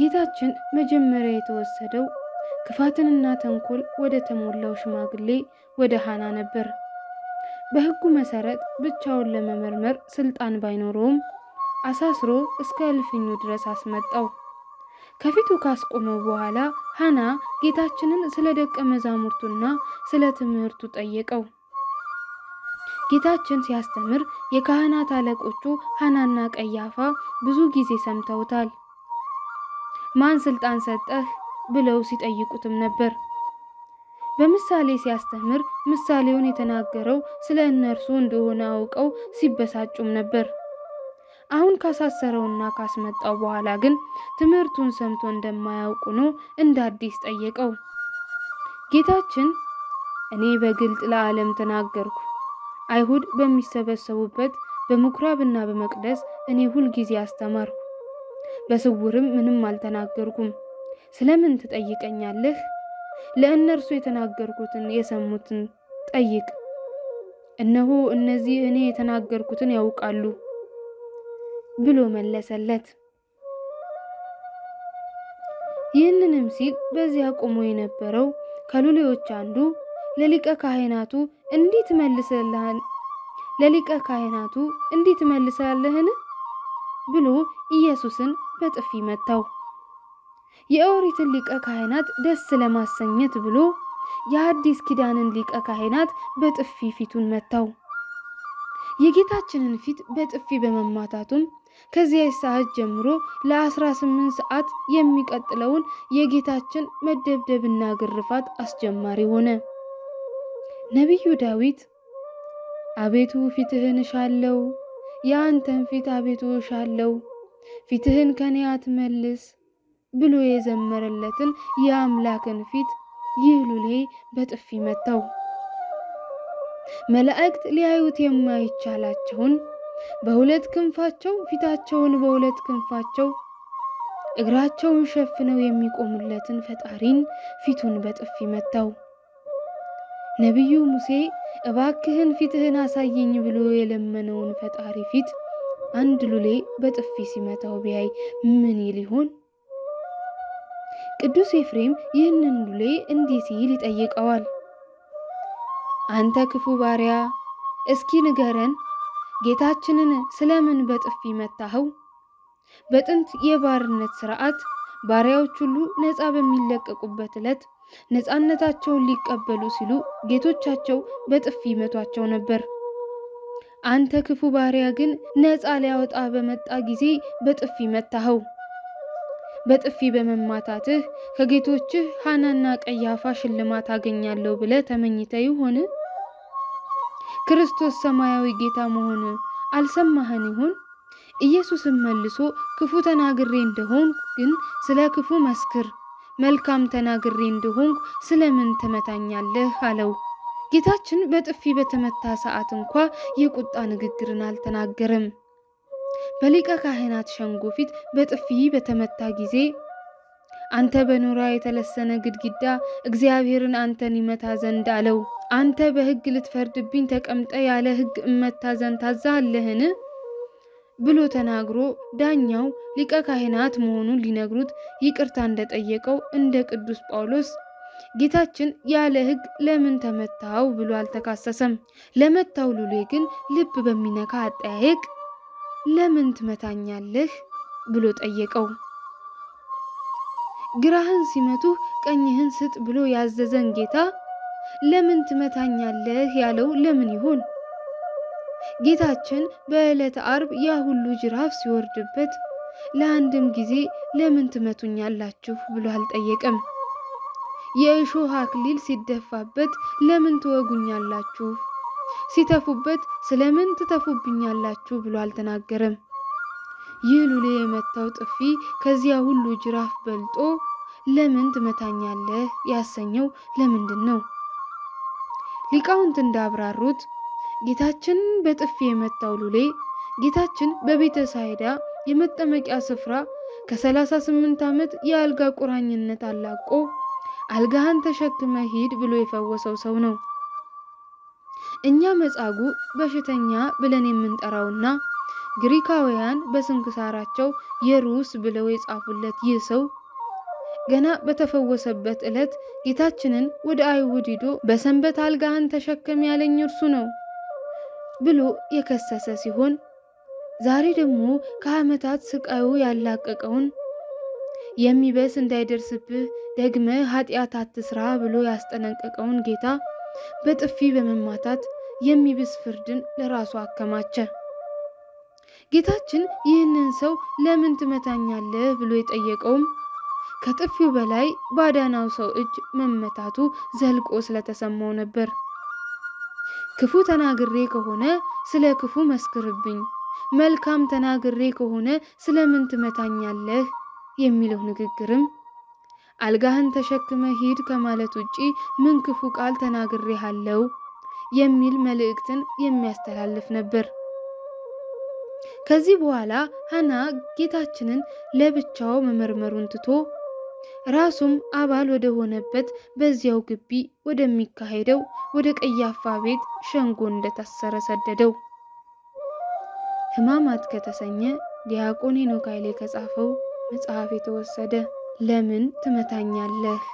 ጌታችን መጀመሪያ የተወሰደው ክፋትንና ተንኮል ወደ ተሞላው ሽማግሌ ወደ ሃና ነበር። በህጉ መሰረት ብቻውን ለመመርመር ስልጣን ባይኖረውም አሳስሮ እስከ እልፍኙ ድረስ አስመጣው። ከፊቱ ካስቆመው በኋላ ሃና ጌታችንን ስለ ደቀ መዛሙርቱና ስለ ትምህርቱ ጠየቀው። ጌታችን ሲያስተምር የካህናት አለቆቹ ሃናና ቀያፋ ብዙ ጊዜ ሰምተውታል። ማን ስልጣን ሰጠህ ብለው ሲጠይቁትም ነበር። በምሳሌ ሲያስተምር ምሳሌውን የተናገረው ስለ እነርሱ እንደሆነ አውቀው ሲበሳጩም ነበር። አሁን ካሳሰረውና ካስመጣው በኋላ ግን ትምህርቱን ሰምቶ እንደማያውቁ ነው እንደ አዲስ ጠየቀው። ጌታችን እኔ በግልጥ ለዓለም ተናገርኩ። አይሁድ በሚሰበሰቡበት በምኩራብና በመቅደስ እኔ ሁልጊዜ አስተማርኩ። በስውርም ምንም አልተናገርኩም። ስለምን ትጠይቀኛለህ? ለእነርሱ የተናገርኩትን የሰሙትን ጠይቅ። እነሆ እነዚህ እኔ የተናገርኩትን ያውቃሉ ብሎ መለሰለት። ይህንንም ሲል በዚያ ቆሞ የነበረው ከሉሌዎች አንዱ ለሊቀ ካህናቱ እንዴት መልሰልህን ለሊቀ ካህናቱ እንዴት መልሰልህን ብሎ ኢየሱስን በጥፊ መታው። የኦሪትን ሊቀ ካህናት ደስ ለማሰኘት ብሎ የአዲስ ኪዳንን ሊቀ ካህናት በጥፊ ፊቱን መታው። የጌታችንን ፊት በጥፊ በመማታቱም ከዚያ ሰዓት ጀምሮ ለ18 ሰዓት የሚቀጥለውን የጌታችን መደብደብና ግርፋት አስጀማሪ ሆነ። ነቢዩ ዳዊት አቤቱ ፊትህን እሻለው፣ የአንተን ፊት አቤቱ እሻለው ፊትህን ከኔ አትመልስ ብሎ የዘመረለትን የአምላክን ፊት ይህ ሉሌ በጥፊ መታው። መላእክት ሊያዩት የማይቻላቸውን በሁለት ክንፋቸው ፊታቸውን በሁለት ክንፋቸው እግራቸውን ሸፍነው የሚቆሙለትን ፈጣሪን ፊቱን በጥፊ መታው። ነቢዩ ሙሴ እባክህን ፊትህን አሳየኝ ብሎ የለመነውን ፈጣሪ ፊት አንድ ሉሌ በጥፊ ሲመታው ቢያይ ምን ይል ይሆን? ቅዱስ ኤፍሬም ይህንን ሉሌ እንዲህ ሲል ይጠይቀዋል። አንተ ክፉ ባሪያ እስኪ ንገረን፣ ጌታችንን ስለምን በጥፊ መታኸው? በጥንት የባርነት ስርዓት ባሪያዎች ሁሉ ነፃ በሚለቀቁበት ዕለት ነፃነታቸውን ሊቀበሉ ሲሉ ጌቶቻቸው በጥፊ መቷቸው ነበር። አንተ ክፉ ባሪያ ግን ነፃ ሊያወጣ በመጣ ጊዜ በጥፊ መታኸው። በጥፊ በመማታትህ ከጌቶችህ ሐናና ቀያፋ ሽልማት አገኛለሁ ብለህ ተመኝተ ይሆን? ክርስቶስ ሰማያዊ ጌታ መሆኑን አልሰማህን ይሆን? ኢየሱስም መልሶ ክፉ ተናግሬ እንደሆንኩ ግን ስለ ክፉ መስክር፣ መልካም ተናግሬ እንደሆን ስለምን ትመታኛለህ? አለው። ጌታችን በጥፊ በተመታ ሰዓት እንኳ የቁጣ ንግግርን አልተናገረም። በሊቀ ካህናት ሸንጎ ፊት በጥፊ በተመታ ጊዜ አንተ በኖራ የተለሰነ ግድግዳ እግዚአብሔርን አንተን ይመታ ዘንድ አለው። አንተ በሕግ ልትፈርድብኝ ተቀምጠ ያለ ሕግ እመታ ዘንድ ታዛለህን ብሎ ተናግሮ ዳኛው ሊቀ ካህናት መሆኑን ሊነግሩት ይቅርታ እንደጠየቀው እንደ ቅዱስ ጳውሎስ ጌታችን ያለ ሕግ ለምን ተመታው ብሎ አልተካሰሰም። ለመታው ሉሌ ግን ልብ በሚነካ አጠያየቅ ለምን ትመታኛለህ ብሎ ጠየቀው። ግራህን ሲመቱህ ቀኝህን ስጥ ብሎ ያዘዘን ጌታ ለምን ትመታኛለህ ያለው ለምን ይሆን? ጌታችን በዕለተ አርብ ያ ሁሉ ጅራፍ ሲወርድበት ለአንድም ጊዜ ለምን ትመቱኛላችሁ ብሎ አልጠየቀም። የእሾህ አክሊል ሲደፋበት ለምን ትወጉኛላችሁ? ሲተፉበት ስለምን ትተፉብኛላችሁ ብሎ አልተናገረም። ይህ ሉሌ የመታው ጥፊ ከዚያ ሁሉ ጅራፍ በልጦ ለምን ትመታኛለህ ያሰኘው ለምንድን ነው? ሊቃውንት እንዳብራሩት ጌታችን በጥፊ የመታው ሉሌ ጌታችን በቤተ ሳይዳ የመጠመቂያ ስፍራ ከ38 ዓመት የአልጋ ቁራኝነት አላቆ አልጋህን ተሸክመ ሂድ ብሎ የፈወሰው ሰው ነው። እኛ መጻጉ በሽተኛ ብለን የምንጠራውና ግሪካውያን በስንክሳራቸው የሩስ ብለው የጻፉለት ይህ ሰው ገና በተፈወሰበት ዕለት ጌታችንን ወደ አይሁድ ሂዶ በሰንበት አልጋህን ተሸከም ያለኝ እርሱ ነው ብሎ የከሰሰ ሲሆን ዛሬ ደግሞ ከዓመታት ስቃዩ ያላቀቀውን የሚበስ እንዳይደርስብህ ደግመ ኃጢአት አትስራ ብሎ ያስጠነቀቀውን ጌታ በጥፊ በመማታት የሚብስ ፍርድን ለራሱ አከማቸ። ጌታችን ይህንን ሰው ለምን ትመታኛለህ ብሎ የጠየቀውም ከጥፊው በላይ ባዳናው ሰው እጅ መመታቱ ዘልቆ ስለተሰማው ነበር። ክፉ ተናግሬ ከሆነ ስለ ክፉ መስክርብኝ፣ መልካም ተናግሬ ከሆነ ስለምን ትመታኛለህ የሚለው ንግግርም አልጋህን ተሸክመ ሂድ ከማለት ውጪ ምን ክፉ ቃል ተናግሬሃለው የሚል መልእክትን የሚያስተላልፍ ነበር። ከዚህ በኋላ ሃና ጌታችንን ለብቻው መመርመሩን ትቶ ራሱም አባል ወደ ሆነበት በዚያው ግቢ ወደሚካሄደው ወደ ቀያፋ ቤት ሸንጎ እንደታሰረ ሰደደው። ሕማማት ከተሰኘ ዲያቆን ሄኖክ ኃይሌ ከጻፈው መጽሐፍ የተወሰደ ለምን ትመታኛለህ?